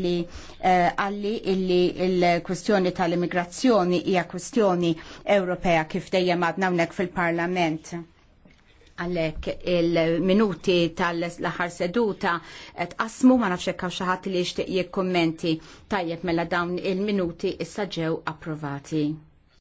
li eh, għalli illi il-kwestjoni tal-immigrazzjoni hija kwestjoni Ewropea kif dejjem għadna hawnhekk fil-Parlament għalek il-minuti tal-laħar seduta asmu ma nafx hekk xaħat li jixtieq jikkommenti tajjeb mela dawn il-minuti issa ġew approvati.